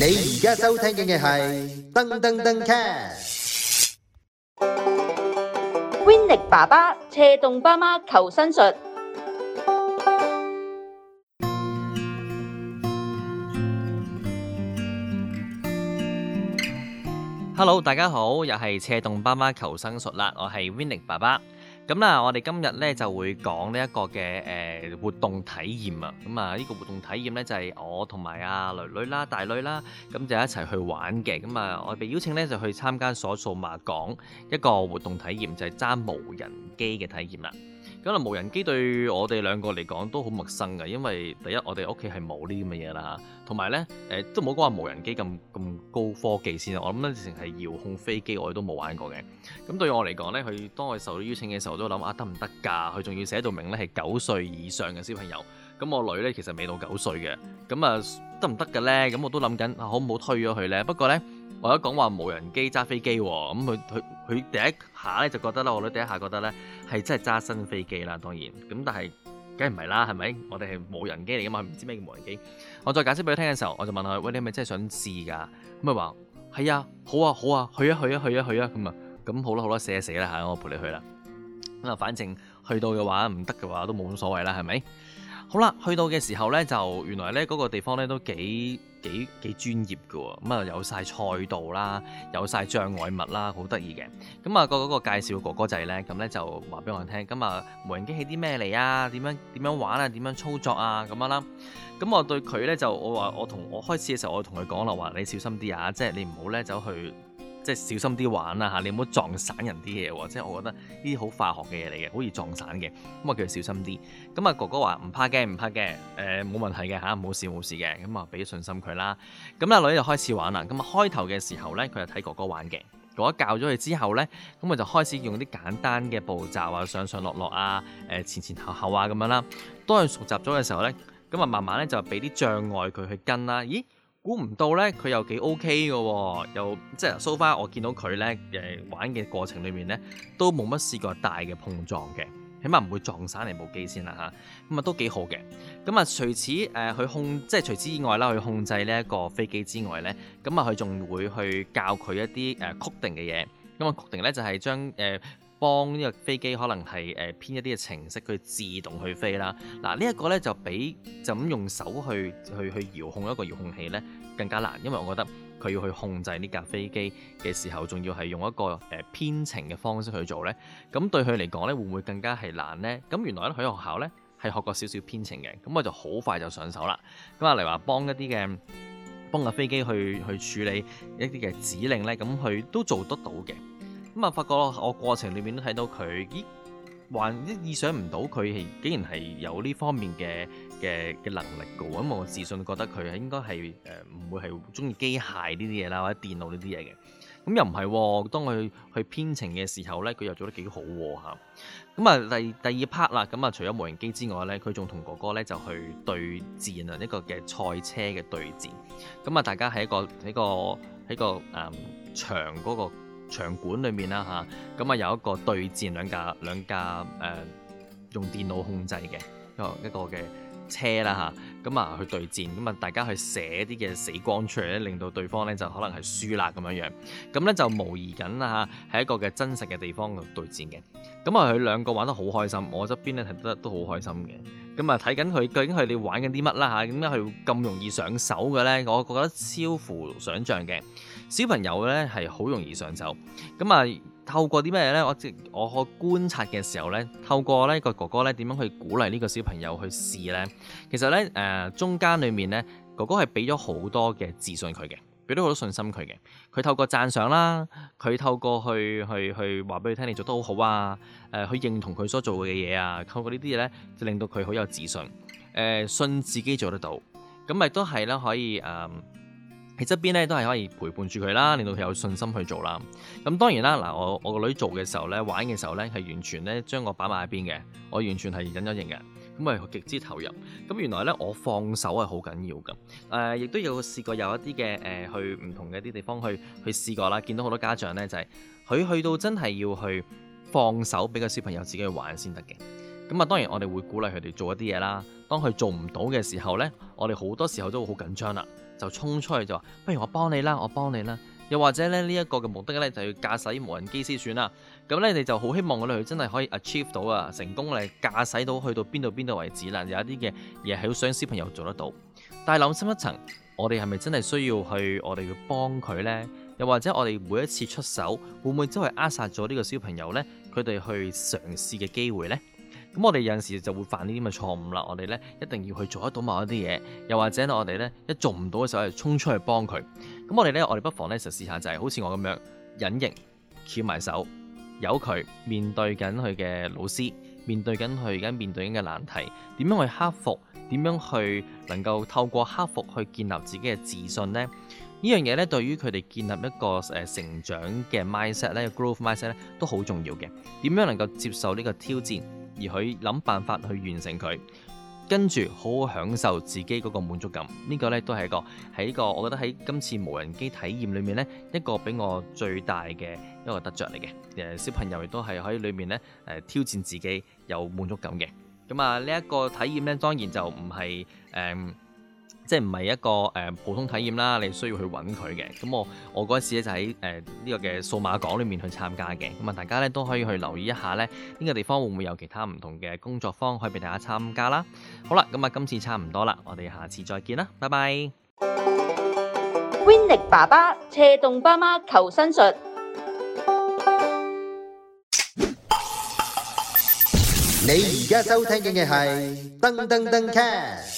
你而家收聽嘅係噔噔噔 cast，Winnie 爸爸車動爸媽求生術。Hello，大家好，又係車動爸媽求生術啦，我係 Winnie 爸爸。咁啦，我哋今日咧就會講呢一個嘅誒活動體驗啊！咁啊，呢個活動體驗咧就係、是、我同埋阿女女啦、大女啦，咁就一齊去玩嘅。咁啊，我哋邀請咧就去參加所數碼港一個活動體驗，就係、是、揸無人機嘅體驗啦。咁啊，無人機對我哋兩個嚟講都好陌生嘅，因為第一我哋屋企係冇呢啲咁嘅嘢啦嚇，同埋咧誒都唔好講話無人機咁咁高科技先啊。我諗呢直情係遙控飛機，我哋都冇玩過嘅。咁對我嚟講咧，佢當我受到邀請嘅時候，都諗啊得唔得㗎？佢仲要寫到明咧係九歲以上嘅小朋友。咁我女咧其實未到九歲嘅，咁啊得唔得㗎咧？咁我都諗緊，好唔好推咗佢咧？不過咧，我一講話無人機揸飛機喎，咁佢佢佢第一下咧就覺得啦，我女第一下覺得咧。係真係揸新飛機啦，當然咁，但係梗係唔係啦，係咪？我哋係無人機嚟噶嘛，唔知咩叫無人機。我再解釋俾佢聽嘅時候，我就問佢：喂，你係咪真係想試㗎？咁咪話係啊，好啊，好啊，去啊，去啊，去啊，去啊，咁啊，咁好啦，好啦、啊，寫啦寫啦嚇，我陪你去啦。咁啊，反正去到嘅話唔得嘅話都冇乜所謂啦，係咪？好啦，去到嘅時候咧，就原來咧嗰、那個地方咧都幾.幾幾專業噶喎，咁啊有晒賽道啦，有晒障礙物啦，好得意嘅。咁啊個嗰個介紹哥哥仔呢，咁呢就話俾我聽，咁啊模型機器係啲咩嚟啊？點樣點樣玩啊？點樣操作啊？咁樣啦。咁我對佢呢，就我話我同我開始嘅時候我，我同佢講啦，話你小心啲啊，即係你唔好呢走去。即係小心啲玩啦吓，你唔好撞散人啲嘢喎。即係我覺得呢啲好化學嘅嘢嚟嘅，好易撞散嘅，咁啊叫佢小心啲。咁啊哥哥話唔怕驚唔怕驚，誒、呃、冇問題嘅吓，冇事冇事嘅，咁啊俾信心佢啦。咁、嗯、阿女就開始玩啦。咁啊開頭嘅時候咧，佢就睇哥哥玩嘅。哥哥教咗佢之後咧，咁佢就開始用啲簡單嘅步驟啊，上上落落啊，誒前前後後啊咁樣啦。當佢熟習咗嘅時候咧，咁啊慢慢咧就俾啲障礙佢去跟啦。咦？估唔到咧，佢又幾 OK 嘅喎，哦，又即係 so far 我見到佢咧誒玩嘅過程裏面咧，都冇乜試過大嘅碰撞嘅，起碼唔會撞散嚟部機先啦吓，咁啊都幾好嘅。咁啊，除此誒佢、呃、控，即係除此以外啦，佢控制呢一個飛機之外咧，咁啊佢仲會去教佢一啲誒、呃、曲定嘅嘢。咁啊曲定咧就係、是、將誒。呃幫呢個飛機可能係誒、呃、編一啲嘅程式，佢自動去飛啦。嗱、啊，呢、這、一個呢就比就咁用手去去去遙控一個遙控器呢更加難，因為我覺得佢要去控制呢架飛機嘅時候，仲要係用一個誒、呃、編程嘅方式去做呢。咁對佢嚟講呢，會唔會更加係難呢？咁原來咧，喺學校呢係學過少少編程嘅，咁我就好快就上手啦。咁例如話幫一啲嘅幫架飛機去去處理一啲嘅指令呢，咁佢都做得到嘅。咁啊，發覺我過程裏面都睇到佢，咦，還意想唔到佢係竟然係有呢方面嘅嘅嘅能力㗎。咁我自信覺得佢係應該係誒唔會係鍾意機械呢啲嘢啦，或者電腦呢啲嘢嘅。咁、嗯、又唔係、哦，當佢去編程嘅時候咧，佢又做得幾好吓。咁、嗯、啊，第第二 part 啦，咁、嗯、啊，除咗模型機之外咧，佢仲同哥哥咧就去對戰啊，一個嘅賽車嘅對戰。咁、嗯、啊，大家喺一個喺個喺個誒場嗰個。場館裏面啦嚇，咁啊有一個對戰，兩架兩架誒、呃、用電腦控制嘅一個一個嘅車啦嚇。啊咁啊、嗯，去對戰，咁啊，大家去寫啲嘅死光出嚟咧，令到對方咧就可能係輸啦咁樣樣。咁、嗯、咧就模擬緊啦嚇，喺、啊、一個嘅真實嘅地方嘅對戰嘅。咁、嗯、啊，佢兩個玩得好開心，我側邊咧睇得都好開心嘅。咁、嗯、啊，睇緊佢究竟係你玩緊啲乜啦嚇？點解佢咁容易上手嘅咧？我覺得超乎想像嘅。小朋友咧係好容易上手。咁、嗯、啊。透過啲咩咧？我我,我觀察嘅時候咧，透過呢個哥哥咧點樣去鼓勵呢個小朋友去試咧？其實咧誒、呃、中間裏面咧，哥哥係俾咗好多嘅自信佢嘅，俾咗好多信心佢嘅。佢透過讚賞啦，佢透過去去去話俾佢聽你做得好好啊！誒、呃、去認同佢所做嘅嘢啊，透過呢啲嘢咧，就令到佢好有自信，誒、呃、信自己做得到。咁咪都係咧可以誒。呃喺側邊咧都係可以陪伴住佢啦，令到佢有信心去做啦。咁當然啦，嗱我我個女做嘅時候咧，玩嘅時候咧係完全咧將我擺埋一邊嘅，我完全係忍一忍嘅。咁啊極之投入。咁原來咧我放手係好緊要㗎。誒，亦都有試過有一啲嘅誒去唔同嘅啲地方去去試過啦。見到好多家長咧就係、是、佢去到真係要去放手俾個小朋友自己去玩先得嘅。咁啊當然我哋會鼓勵佢哋做一啲嘢啦。當佢做唔到嘅時候咧，我哋好多時候都會好緊張啦。就衝出去就話，不如我幫你啦，我幫你啦。又或者咧，呢一個嘅目的咧，就要駕駛無人機先算啦。咁咧，你就好希望我哋真係可以 achieve 到啊，成功嚟駕駛到去到邊度邊度為止啦。有一啲嘅嘢係好想小朋友做得到，但係諗深一層，我哋係咪真係需要去我哋去幫佢呢？又或者我哋每一次出手會唔會真係扼殺咗呢個小朋友呢？佢哋去嘗試嘅機會呢？咁我哋有陣時就會犯呢啲咁嘅錯誤啦。我哋呢一定要去做得到某一啲嘢，又或者我哋呢一做唔到嘅時候，就衝出去幫佢。咁我哋呢，我哋不妨呢試試就試下就係好似我咁樣隱形，翹埋手，由佢面對緊佢嘅老師，面對緊佢而家面對緊嘅難題，點樣去克服？點樣去能夠透過克服去建立自己嘅自信呢？呢樣嘢呢，對於佢哋建立一個誒成長嘅 mindset 呢，growth mindset 呢，都好重要嘅。點樣能夠接受呢個挑戰？而佢諗辦法去完成佢，跟住好好享受自己嗰個滿足感。呢、這個呢都係一個喺個，我覺得喺今次無人機體驗裏面呢一個俾我最大嘅一個得着嚟嘅。誒小朋友亦都係喺裏面呢誒、呃、挑戰自己有滿足感嘅。咁啊，呢、這、一個體驗呢，當然就唔係誒。呃即係唔係一個誒、呃、普通體驗啦，你需要去揾佢嘅。咁我我嗰一次咧就喺誒呢個嘅數碼港裏面去參加嘅。咁啊，大家咧都可以去留意一下呢，呢、這個地方會唔會有其他唔同嘅工作坊可以俾大家參加啦？好啦，咁啊今次差唔多啦，我哋下次再見啦，拜拜。Winnie 爸爸，斜中爸媽求新術，你而家收聽緊嘅係噔噔噔 cast。